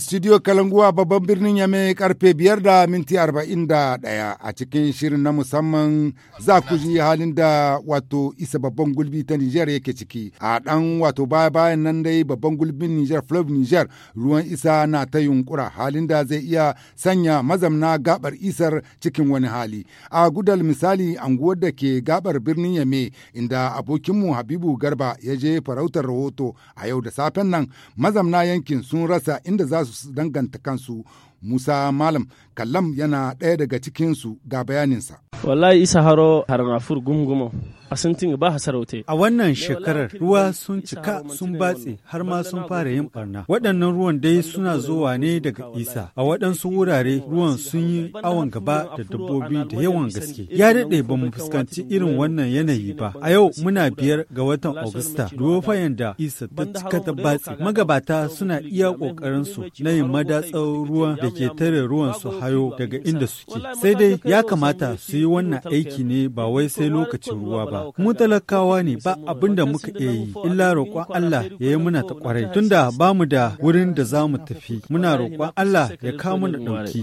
Studio Kalanguwa babban birnin Yame karfe biyar da minti arba'in da ɗaya a cikin shirin na musamman za ku ji halin da wato isa babban gulbi ta Nijar yake ciki. A ɗan wato baya bayan nan dai babban gulbin Nijar Flav Nijar ruwan isa na ta yunkura halin da zai iya sanya mazamna gabar isar cikin wani hali. A gudal misali anguwar da ke gabar birnin Yame inda abokinmu Habibu Garba ya je farautar rahoto a yau da safen nan mazamna yankin sun rasa inda za su danganta kansu Musa Malam Kallam yana ɗaya daga cikinsu ga bayaninsa. wallahi isa haro fur gumgumo a sun tinga ba hasarauta a wannan shekarar ruwa sun cika sun batse har ma sun fara yin barna waɗannan ruwan dai suna zuwa ne daga isa a waɗansu wurare ruwan sun yi awon gaba da dabbobi da yawan gaske ya daɗe ba mu fuskanci irin wannan yanayi ba a yau muna biyar ga watan augusta fayan da isa ta cika ta batse magabata suna iya ƙoƙarin su na yin madatsar ruwan da ke tare ruwan su hayo daga inda suke sai dai ya kamata su yi wannan aiki ne ba wai sai lokacin ruwa ba. Mu talakawa ne ba abin da muka iya yi, illa roƙon Allah ya yi muna ta ƙwarai. Tunda ba mu da wurin da za mu tafi, muna roƙon Allah ya kawo mana ɗauki.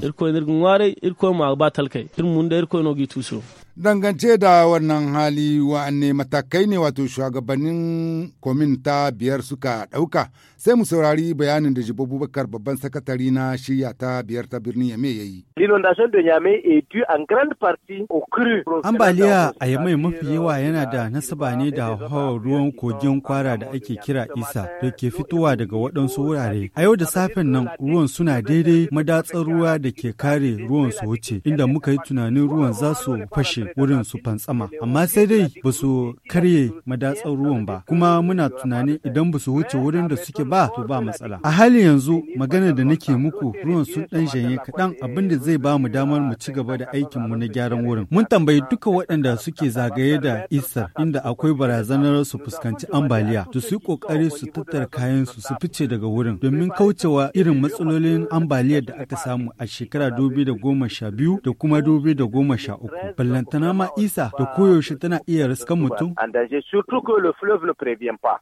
dangance da wannan hali wa'anne matakai ne wato shugabannin kominta biyar suka ɗauka sai mu saurari bayanin da jibo bubakar babban sakatari na shirya ta biyar ta birnin yame ya yi ambaliya a yamai mafi yawa yana da nasaba ne da hauhawar ruwan kogin kwara da ake kira isa da ke fitowa daga waɗansu wurare a yau da safen nan ruwan suna daidai madatsar ruwa da ke kare ruwan su wuce inda muka yi tunanin ruwan za su fashe wurin su fantsama amma sai dai ba su karye madatsar ruwan ba kuma muna tunani idan ba su wuce wurin da suke ba to ba matsala a halin yanzu magana da nake muku ruwan sun dan janye kaɗan abin da zai ba mu damar mu ci gaba da aikin mu na gyaran wurin mun tambayi duka waɗanda suke zagaye da isar inda akwai barazanar su fuskanci ambaliya to su kokari su tattara kayan su su fice daga wurin domin kaucewa irin matsalolin ambaliyar da aka samu a shekara 2012 da kuma 2013 ballantana ma isa da koyaushe tana iya riskan mutum uh,